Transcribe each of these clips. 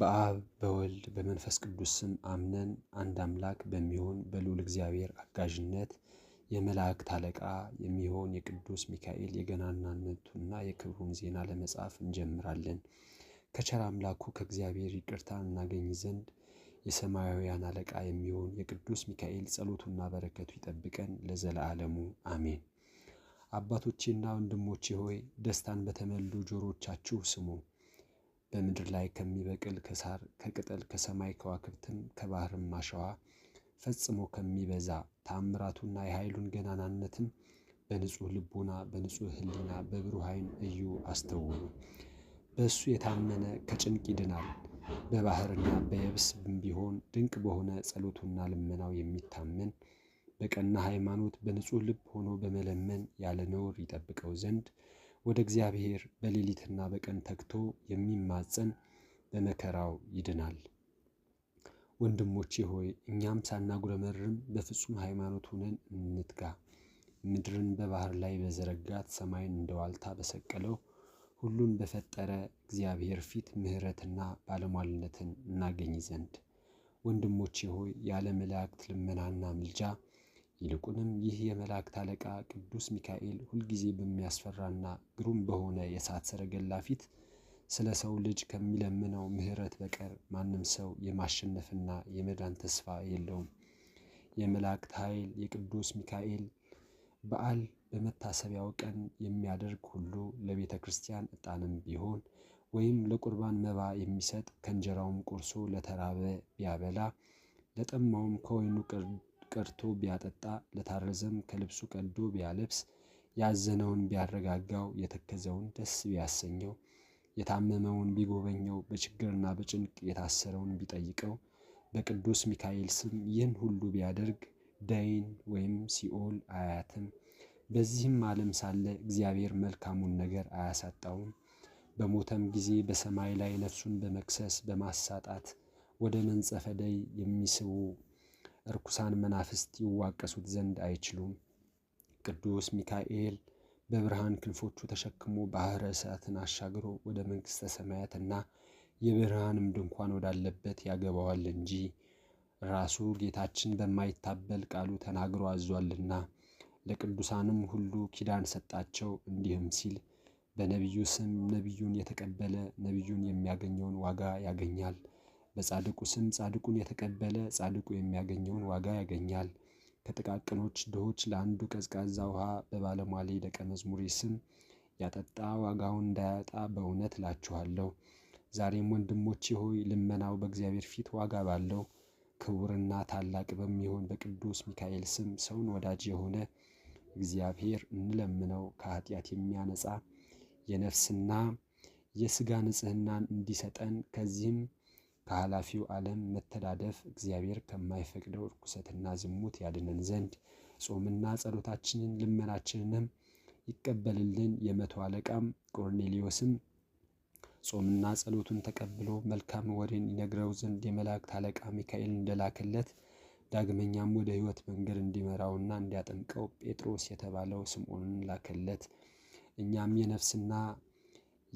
በአብ በወልድ በመንፈስ ቅዱስ ስም አምነን አንድ አምላክ በሚሆን በልዑል እግዚአብሔር አጋዥነት የመላእክት አለቃ የሚሆን የቅዱስ ሚካኤል የገናናነቱና የክብሩን ዜና ለመጻፍ እንጀምራለን። ከቸር አምላኩ ከእግዚአብሔር ይቅርታ እናገኝ ዘንድ የሰማያውያን አለቃ የሚሆን የቅዱስ ሚካኤል ጸሎቱና በረከቱ ይጠብቀን ለዘላለሙ አሜን። አባቶቼና ወንድሞቼ ሆይ ደስታን በተመሉ ጆሮቻችሁ ስሙ። በምድር ላይ ከሚበቅል ከሳር ከቅጠል ከሰማይ ከዋክብትም ከባህርም አሸዋ ፈጽሞ ከሚበዛ ታምራቱና የኃይሉን ገናናነትም በንጹህ ልቦና በንጹህ ህሊና በብሩህ ዓይን እዩ አስተውሉ። በእሱ የታመነ ከጭንቅ ይድናል። በባህርና በየብስ ቢሆን ድንቅ በሆነ ጸሎቱና ልመናው የሚታመን በቀና ሃይማኖት በንጹህ ልብ ሆኖ በመለመን ያለ ነውር ይጠብቀው ዘንድ ወደ እግዚአብሔር በሌሊትና በቀን ተግቶ የሚማጸን በመከራው ይድናል። ወንድሞቼ ሆይ እኛም ሳናጉረመርም በፍጹም ሃይማኖት ሆነን እንትጋ። ምድርን በባህር ላይ በዘረጋት ሰማይን እንደዋልታ በሰቀለው ሁሉን በፈጠረ እግዚአብሔር ፊት ምሕረትና ባለሟልነትን እናገኝ ዘንድ ወንድሞቼ ሆይ ያለ መላእክት ልመናና ምልጃ ይልቁንም ይህ የመላእክት አለቃ ቅዱስ ሚካኤል ሁልጊዜ በሚያስፈራና ግሩም በሆነ የእሳት ሰረገላ ፊት ስለ ሰው ልጅ ከሚለምነው ምሕረት በቀር ማንም ሰው የማሸነፍና የመዳን ተስፋ የለውም። የመላእክት ኃይል የቅዱስ ሚካኤል በዓል በመታሰቢያው ቀን የሚያደርግ ሁሉ ለቤተ ክርስቲያን ዕጣንም ቢሆን ወይም ለቁርባን መባ የሚሰጥ ከእንጀራውም ቁርሶ ለተራበ ቢያበላ ለጠማውም ከወይኑ ቀድቶ ቢያጠጣ፣ ለታረዘም ከልብሱ ቀዶ ቢያለብስ፣ ያዘነውን ቢያረጋጋው፣ የተከዘውን ደስ ቢያሰኘው፣ የታመመውን ቢጎበኘው፣ በችግርና በጭንቅ የታሰረውን ቢጠይቀው፣ በቅዱስ ሚካኤል ስም ይህን ሁሉ ቢያደርግ ደይን ወይም ሲኦል አያያትም። በዚህም ዓለም ሳለ እግዚአብሔር መልካሙን ነገር አያሳጣውም። በሞተም ጊዜ በሰማይ ላይ ነፍሱን በመክሰስ በማሳጣት ወደ መንጸፈ ደይ የሚስቡ ርኩሳን መናፍስት ይዋቀሱት ዘንድ አይችሉም። ቅዱስ ሚካኤል በብርሃን ክንፎቹ ተሸክሞ ባህረ እሳትን አሻግሮ ወደ መንግሥተ ሰማያትና የብርሃንም ድንኳን ወዳለበት ያገባዋል እንጂ ራሱ ጌታችን በማይታበል ቃሉ ተናግሮ አዟልና። ለቅዱሳንም ሁሉ ኪዳን ሰጣቸው። እንዲህም ሲል በነቢዩ ስም ነቢዩን የተቀበለ ነቢዩን የሚያገኘውን ዋጋ ያገኛል በጻድቁ ስም ጻድቁን የተቀበለ ጻድቁ የሚያገኘውን ዋጋ ያገኛል። ከጥቃቅኖች ድሆች ለአንዱ ቀዝቃዛ ውሃ በባለሟሌ ደቀ መዝሙሬ ስም ያጠጣ ዋጋውን እንዳያጣ በእውነት እላችኋለሁ። ዛሬም ወንድሞቼ ሆይ ልመናው በእግዚአብሔር ፊት ዋጋ ባለው ክቡርና ታላቅ በሚሆን በቅዱስ ሚካኤል ስም ሰውን ወዳጅ የሆነ እግዚአብሔር እንለምነው ከኃጢአት የሚያነጻ የነፍስና የስጋ ንጽህናን እንዲሰጠን ከዚህም ከኃላፊው ዓለም መተዳደፍ እግዚአብሔር ከማይፈቅደው ርኩሰትና ዝሙት ያድነን ዘንድ ጾምና ጸሎታችንን ልመናችንንም ይቀበልልን። የመቶ አለቃም ቆርኔሊዮስም ጾምና ጸሎቱን ተቀብሎ መልካም ወሬን ይነግረው ዘንድ የመላእክት አለቃ ሚካኤል እንደላከለት ዳግመኛም ወደ ሕይወት መንገድ እንዲመራውና እንዲያጠምቀው ጴጥሮስ የተባለው ስምዖንን ላከለት። እኛም የነፍስና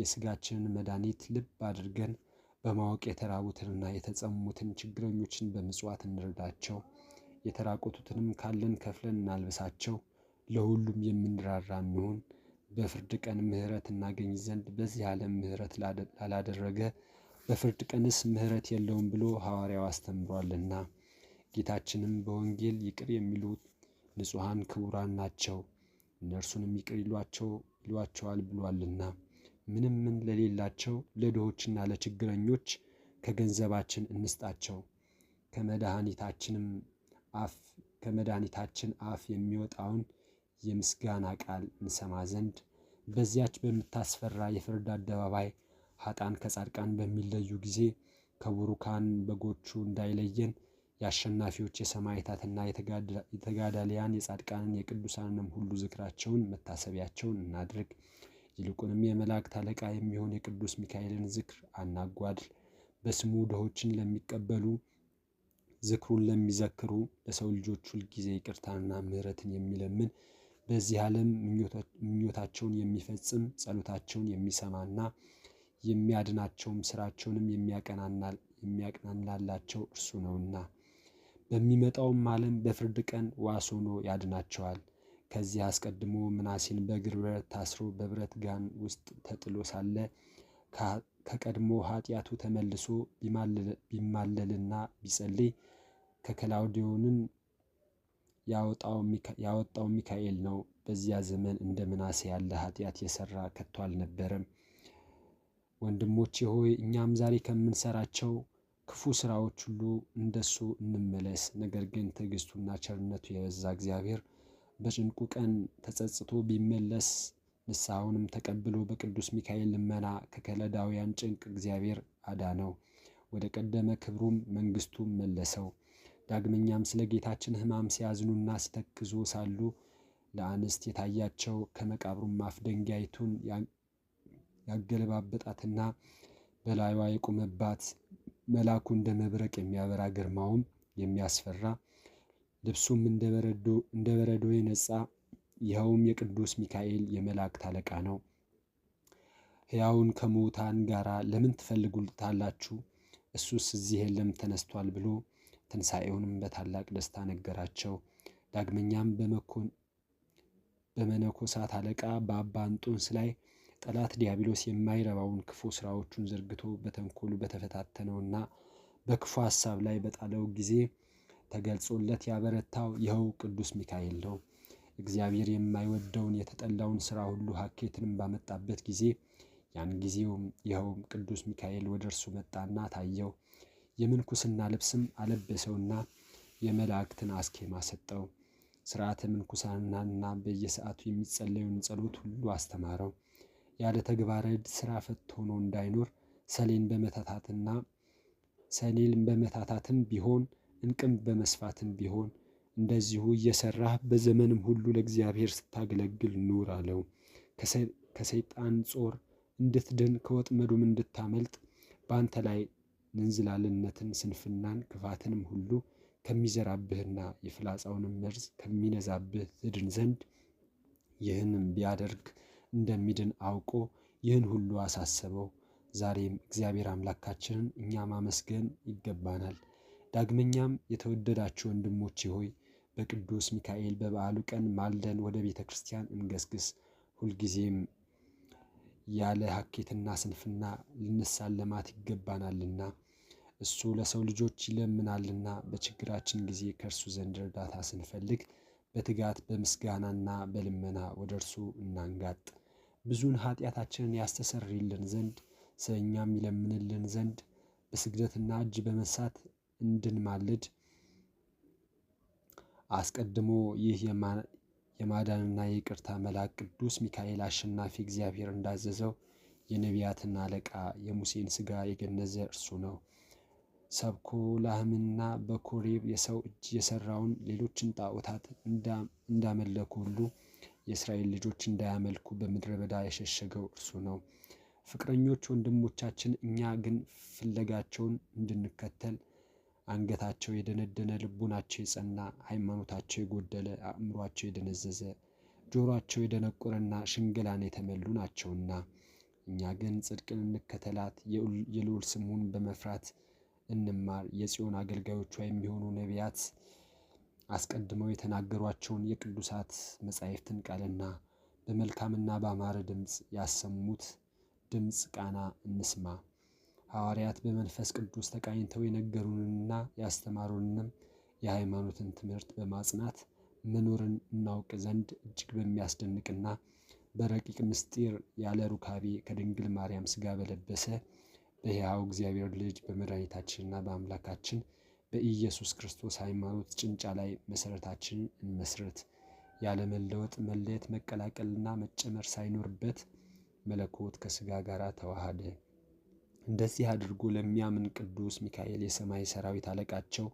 የስጋችንን መድኃኒት ልብ አድርገን በማወቅ የተራቡትንና ችግረኞችን በምጽዋት እንርዳቸው። የተራቆቱትንም ካለን ከፍለን እናልብሳቸው። ለሁሉም የምንራራ እንሆን። በፍርድ ቀን ምሕረት እናገኝ ዘንድ በዚህ ዓለም ምሕረት ላላደረገ በፍርድ ቀንስ ምሕረት የለውም ብሎ ሐዋርያው አስተምሯልና። ጌታችንም በወንጌል ይቅር የሚሉት ንጹሐን ክቡራን ናቸው፣ እነርሱንም ይቅር ይሏቸዋል ብሏልና። ምንም ምን ለሌላቸው ለድሆችና ለችግረኞች ከገንዘባችን እንስጣቸው። ከመድኃኒታችንም አፍ ከመድኃኒታችን አፍ የሚወጣውን የምስጋና ቃል እንሰማ ዘንድ በዚያች በምታስፈራ የፍርድ አደባባይ ሀጣን ከጻድቃን በሚለዩ ጊዜ ከቡሩካን በጎቹ እንዳይለየን የአሸናፊዎች የሰማዕታትና የተጋዳሊያን የጻድቃንን የቅዱሳንንም ሁሉ ዝክራቸውን መታሰቢያቸውን እናድርግ። ይልቁንም የመላእክት አለቃ የሚሆን የቅዱስ ሚካኤልን ዝክር አናጓድል። በስሙ ድሆችን ለሚቀበሉ ዝክሩን ለሚዘክሩ ለሰው ልጆች ሁልጊዜ ይቅርታንና ምሕረትን የሚለምን በዚህ ዓለም ምኞታቸውን የሚፈጽም ጸሎታቸውን የሚሰማና የሚያድናቸውም ስራቸውንም የሚያቀናላላቸው እርሱ ነውና በሚመጣውም ዓለም በፍርድ ቀን ዋስ ሆኖ ያድናቸዋል። ከዚህ አስቀድሞ ምናሴን በእግር ብረት ታስሮ በብረት ጋን ውስጥ ተጥሎ ሳለ ከቀድሞ ኃጢአቱ ተመልሶ ቢማለልና ቢጸልይ ከከላውዲዮንን ያወጣው ሚካኤል ነው። በዚያ ዘመን እንደ ምናሴ ያለ ኃጢአት የሰራ ከቶ አልነበረም። ወንድሞቼ ሆይ እኛም ዛሬ ከምንሰራቸው ክፉ ስራዎች ሁሉ እንደሱ እንመለስ። ነገር ግን ትዕግስቱና ቸርነቱ የበዛ እግዚአብሔር በጭንቁ ቀን ተጸጽቶ ቢመለስ ንስሐውንም ተቀብሎ በቅዱስ ሚካኤል ልመና ከከለዳውያን ጭንቅ እግዚአብሔር አዳነው። ወደ ቀደመ ክብሩም መንግስቱም መለሰው። ዳግመኛም ስለ ጌታችን ሕማም ሲያዝኑና ሲተክዙ ሳሉ ለአንስት የታያቸው ከመቃብሩም አፍ ደንጋይቱን ያገለባበጣትና በላይዋ የቆመባት መልአኩ እንደ መብረቅ የሚያበራ ግርማውም የሚያስፈራ ልብሱም እንደ በረዶ የነጻ ይኸውም የቅዱስ ሚካኤል የመላእክት አለቃ ነው። ሕያውን ከሙታን ጋር ለምን ትፈልጉታላችሁ? እሱስ እዚህ የለም ተነስቷል ብሎ ትንሣኤውንም በታላቅ ደስታ ነገራቸው። ዳግመኛም በመነኮሳት አለቃ በአባ እንጦንስ ላይ ጠላት ዲያብሎስ የማይረባውን ክፉ ስራዎቹን ዘርግቶ በተንኮሉ በተፈታተነውና በክፉ ሐሳብ ላይ በጣለው ጊዜ ተገልጾለት ያበረታው ይኸው ቅዱስ ሚካኤል ነው። እግዚአብሔር የማይወደውን የተጠላውን ሥራ ሁሉ ሀኬትንም ባመጣበት ጊዜ ያን ጊዜውም ይኸውም ቅዱስ ሚካኤል ወደ እርሱ መጣና ታየው። የምንኩስና ልብስም አለበሰውና የመላእክትን አስኬማ ሰጠው። ስርዓተ ምንኩስናና በየሰዓቱ የሚጸለዩን ጸሎት ሁሉ አስተማረው። ያለ ተግባረ እድ ፈት ሆኖ እንዳይኖር ሰሌን በመታታትና ሰሌን በመታታትም ቢሆን እንቅም በመስፋትም ቢሆን እንደዚሁ እየሰራህ በዘመንም ሁሉ ለእግዚአብሔር ስታገለግል ኑር አለው። ከሰይጣን ጾር እንድትድን ከወጥመዱም እንድታመልጥ በአንተ ላይ እንዝላልነትን፣ ስንፍናን፣ ክፋትንም ሁሉ ከሚዘራብህና የፍላጻውንም መርዝ ከሚነዛብህ ትድን ዘንድ ይህንም ቢያደርግ እንደሚድን አውቆ ይህን ሁሉ አሳሰበው። ዛሬም እግዚአብሔር አምላካችንን እኛ ማመስገን ይገባናል። ዳግመኛም የተወደዳችሁ ወንድሞቼ ሆይ በቅዱስ ሚካኤል በበዓሉ ቀን ማልደን ወደ ቤተ ክርስቲያን እንገስግስ። ሁልጊዜም ያለ ሀኬትና ስንፍና ልንሳለማት ይገባናልና እሱ ለሰው ልጆች ይለምናልና በችግራችን ጊዜ ከእርሱ ዘንድ እርዳታ ስንፈልግ በትጋት በምስጋናና በልመና ወደ እርሱ እናንጋጥ። ብዙን ኃጢአታችንን ያስተሰርይልን ዘንድ ስለ እኛም ይለምንልን ዘንድ በስግደትና እጅ በመንሳት እንድንማልድ አስቀድሞ ይህ የማዳንና የቅርታ መልአክ ቅዱስ ሚካኤል አሸናፊ እግዚአብሔር እንዳዘዘው የነቢያትና አለቃ የሙሴን ስጋ የገነዘ እርሱ ነው። ሰብኮ ላህምና በኮሬብ የሰው እጅ የሰራውን ሌሎችን ጣዖታት እንዳመለኩ ሁሉ የእስራኤል ልጆች እንዳያመልኩ በምድረ በዳ የሸሸገው እርሱ ነው። ፍቅረኞች ወንድሞቻችን፣ እኛ ግን ፍለጋቸውን እንድንከተል አንገታቸው የደነደነ፣ ልቡናቸው የጸና፣ ሃይማኖታቸው የጎደለ፣ አእምሯቸው የደነዘዘ፣ ጆሯቸው የደነቆረና ሽንገላን የተመሉ ናቸውና እኛ ግን ጽድቅን እንከተላት፣ የልዑል ስሙን በመፍራት እንማር። የጽዮን አገልጋዮቿ የሚሆኑ ነቢያት አስቀድመው የተናገሯቸውን የቅዱሳት መጻሕፍትን ቃልና በመልካምና በአማረ ድምፅ ያሰሙት ድምፅ ቃና እንስማ። ሐዋርያት በመንፈስ ቅዱስ ተቃኝተው የነገሩንንና ያስተማሩንም የሃይማኖትን ትምህርት በማጽናት መኖርን እናውቅ ዘንድ እጅግ በሚያስደንቅና በረቂቅ ምስጢር ያለ ሩካቤ ከድንግል ማርያም ሥጋ በለበሰ በሕያው እግዚአብሔር ልጅ በመድኃኒታችንና በአምላካችን በኢየሱስ ክርስቶስ ሃይማኖት ጭንጫ ላይ መሠረታችን እንመስረት። ያለ መለወጥ መለየት መቀላቀልና መጨመር ሳይኖርበት መለኮት ከሥጋ ጋር ተዋሃደ። እንደዚህ አድርጎ ለሚያምን ቅዱስ ሚካኤል የሰማይ ሰራዊት አለቃቸው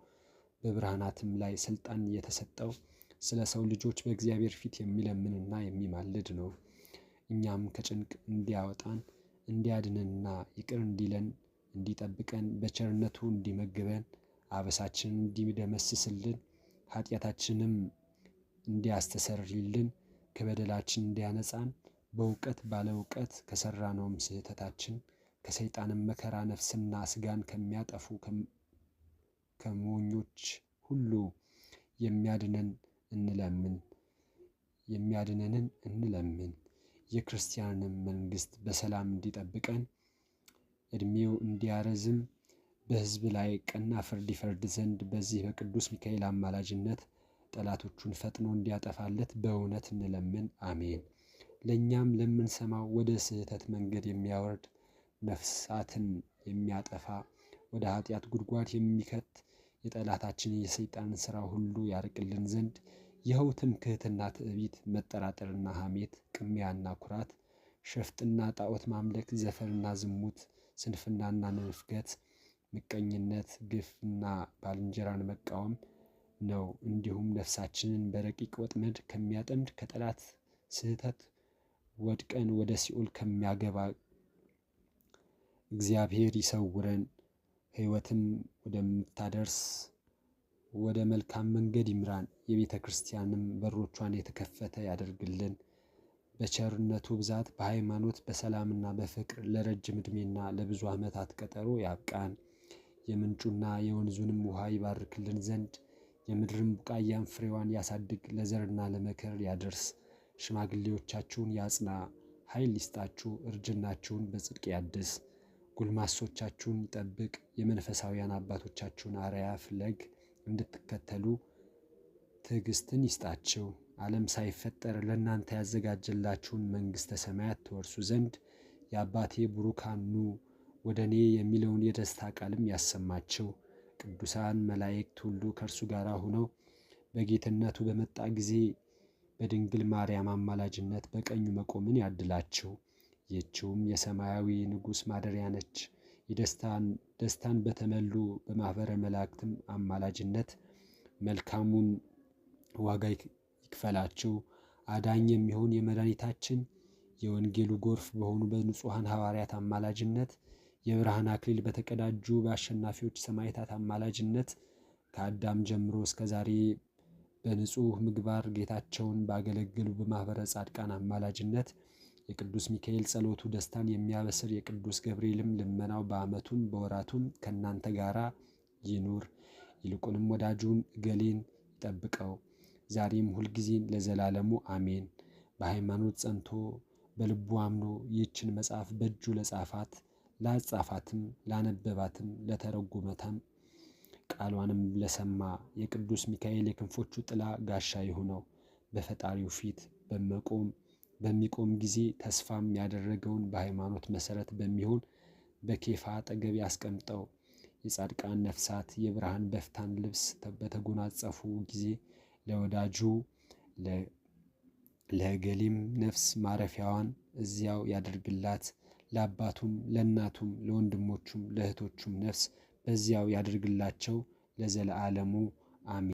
በብርሃናትም ላይ ስልጣን የተሰጠው ስለ ሰው ልጆች በእግዚአብሔር ፊት የሚለምንና የሚማልድ ነው። እኛም ከጭንቅ እንዲያወጣን እንዲያድንና ይቅር እንዲለን እንዲጠብቀን በቸርነቱ እንዲመግበን አበሳችንን እንዲደመስስልን ኃጢአታችንም እንዲያስተሰርልን ከበደላችን እንዲያነጻን በእውቀት ባለ እውቀት ከሰራነውም ስህተታችን ከሰይጣንም መከራ ነፍስና ስጋን ከሚያጠፉ ከሞኞች ሁሉ የሚያድነን እንለምን የሚያድነንን እንለምን። የክርስቲያንን መንግስት በሰላም እንዲጠብቀን እድሜው እንዲያረዝም በሕዝብ ላይ ቀና ፍርድ ይፈርድ ዘንድ በዚህ በቅዱስ ሚካኤል አማላጅነት ጠላቶቹን ፈጥኖ እንዲያጠፋለት በእውነት እንለምን። አሜን። ለእኛም ለምንሰማው ወደ ስህተት መንገድ የሚያወርድ ነፍሳትን የሚያጠፋ ወደ ኃጢአት ጉድጓድ የሚከት የጠላታችን የሰይጣን ሥራ ሁሉ ያርቅልን ዘንድ ይኸው ትምክህትና ትዕቢት፣ መጠራጠርና ሐሜት፣ ቅሚያና ኩራት፣ ሸፍጥና ጣዖት ማምለክ፣ ዘፈርና ዝሙት፣ ስንፍናና ንፍገት፣ ምቀኝነት፣ ግፍና ባልንጀራን መቃወም ነው። እንዲሁም ነፍሳችንን በረቂቅ ወጥመድ ከሚያጠምድ ከጠላት ስህተት ወድቀን ወደ ሲኦል ከሚያገባ እግዚአብሔር ይሰውረን፣ ሕይወትም ወደምታደርስ ወደ መልካም መንገድ ይምራን። የቤተ ክርስቲያንም በሮቿን የተከፈተ ያደርግልን። በቸርነቱ ብዛት በሃይማኖት በሰላምና በፍቅር ለረጅም ዕድሜና ለብዙ ዓመታት ቀጠሮ ያብቃን። የምንጩና የወንዙንም ውሃ ይባርክልን ዘንድ የምድርን ቡቃያን ፍሬዋን ያሳድግ፣ ለዘርና ለመከር ያደርስ። ሽማግሌዎቻችሁን ያጽና፣ ኃይል ይስጣችሁ፣ እርጅናችሁን በጽድቅ ያድስ። ጉልማሶቻችሁን ይጠብቅ። የመንፈሳውያን አባቶቻችሁን አርያ ፍለግ እንድትከተሉ ትዕግስትን ይስጣችሁ። ዓለም ሳይፈጠር ለእናንተ ያዘጋጀላችሁን መንግሥተ ሰማያት ትወርሱ ዘንድ የአባቴ ቡሩካን ኑ ወደ እኔ የሚለውን የደስታ ቃልም ያሰማቸው። ቅዱሳን መላእክት ሁሉ ከእርሱ ጋር ሆነው በጌትነቱ በመጣ ጊዜ በድንግል ማርያም አማላጅነት በቀኙ መቆምን ያድላቸው። ይህችውም የሰማያዊ ንጉሥ ማደሪያ ነች። ደስታን በተመሉ በማኅበረ መላእክትም አማላጅነት መልካሙን ዋጋ ይክፈላችሁ። አዳኝ የሚሆን የመድኃኒታችን የወንጌሉ ጎርፍ በሆኑ በንጹሐን ሐዋርያት አማላጅነት የብርሃን አክሊል በተቀዳጁ በአሸናፊዎች ሰማዕታት አማላጅነት ከአዳም ጀምሮ እስከ ዛሬ በንጹሕ ምግባር ጌታቸውን ባገለገሉ በማኅበረ ጻድቃን አማላጅነት የቅዱስ ሚካኤል ጸሎቱ ደስታን የሚያበስር የቅዱስ ገብርኤልም ልመናው በዓመቱም በወራቱም ከእናንተ ጋር ይኑር። ይልቁንም ወዳጁን እገሌን ይጠብቀው ዛሬም ሁልጊዜን ለዘላለሙ አሜን። በሃይማኖት ጸንቶ በልቡ አምኖ ይህችን መጽሐፍ በእጁ ለጻፋት ላጻፋትም ላነበባትም ለተረጎመታም ቃሏንም ለሰማ የቅዱስ ሚካኤል የክንፎቹ ጥላ ጋሻ ይሁነው። በፈጣሪው ፊት በመቆም በሚቆም ጊዜ ተስፋም ያደረገውን በሃይማኖት መሰረት በሚሆን በኬፋ አጠገብ ያስቀምጠው። የጻድቃን ነፍሳት የብርሃን በፍታን ልብስ በተጎናጸፉ ጊዜ ለወዳጁ ለገሊም ነፍስ ማረፊያዋን እዚያው ያደርግላት። ለአባቱም ለእናቱም ለወንድሞቹም ለእህቶቹም ነፍስ በዚያው ያደርግላቸው ለዘለዓለሙ አሚን።